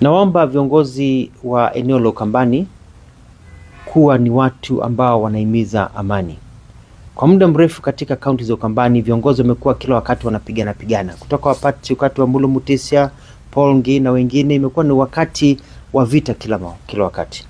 Nawaomba viongozi wa eneo la Ukambani kuwa ni watu ambao wanahimiza amani. Kwa muda mrefu katika kaunti za Ukambani, viongozi wamekuwa kila wakati wanapigana pigana, kutoka wapati wakati wa Mulu Mutisya, Paul Ngi na wengine, imekuwa ni wakati wa vita kila, kila wakati.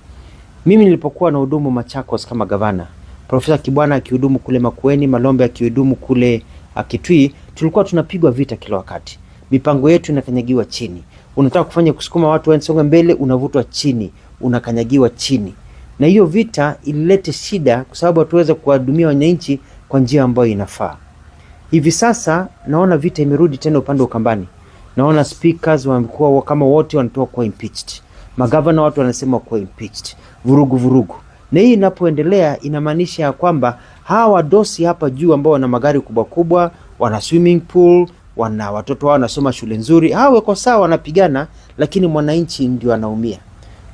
Mimi nilipokuwa na hudumu Machakos kama gavana, Profesa Kibwana akihudumu kule Makueni, Malombe akihudumu kule Kitui, tulikuwa tunapigwa vita kila wakati, mipango yetu inakanyagiwa chini unataka kufanya kusukuma watu wasonge mbele, unavutwa chini, unakanyagiwa chini, na hiyo vita ililete shida, kwa sababu hatuweza kuwahudumia wananchi kwa njia ambayo inafaa. Hivi sasa naona vita imerudi tena upande wa Ukambani. Naona speakers wamekuwa kama wote wanatoa kwa impeached, magavana watu wanasema kwa impeached, vurugu vurugu. Na hii inapoendelea inamaanisha ya kwamba hawa dosi hapa juu ambao wana magari kubwa kubwa, wana swimming pool, wana watoto wao wanasoma shule nzuri, wako sawa, wanapigana, lakini mwananchi ndio anaumia.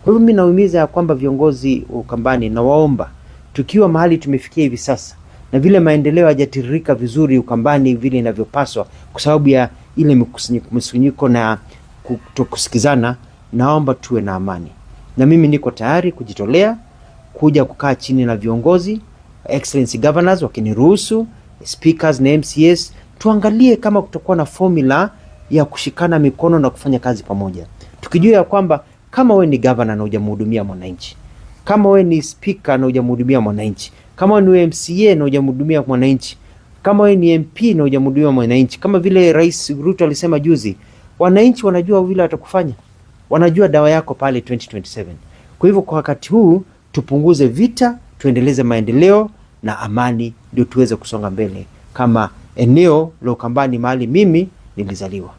Kwa hivyo mimi naumiza ya kwamba viongozi wa Ukambani, nawaomba tukiwa mahali tumefikia hivi sasa na vile maendeleo hayajatiririka vizuri Ukambani vile inavyopaswa kwa sababu ya ile mkusanyiko na kutokusikizana, naomba tuwe na amani, na mimi niko tayari kujitolea kuja kukaa chini na viongozi excellency governors wakiniruhusu, speakers na MCS tuangalie kama kutakuwa na formula ya kushikana mikono na kufanya kazi pamoja, tukijua ya kwamba kama we ni governor na hujamhudumia mwananchi, kama we ni speaker na hujamhudumia mwananchi, kama we ni MCA na hujamhudumia mwananchi, kama we ni MP na hujamhudumia mwananchi, kama vile Rais Ruto alisema juzi, wananchi wanajua vile watakufanya, wanajua dawa yako pale 2027. Kwa hivyo kwa wakati huu tupunguze vita, tuendeleze maendeleo na amani, ndio tuweze kusonga mbele kama eneo la Ukambani mahali mimi nilizaliwa.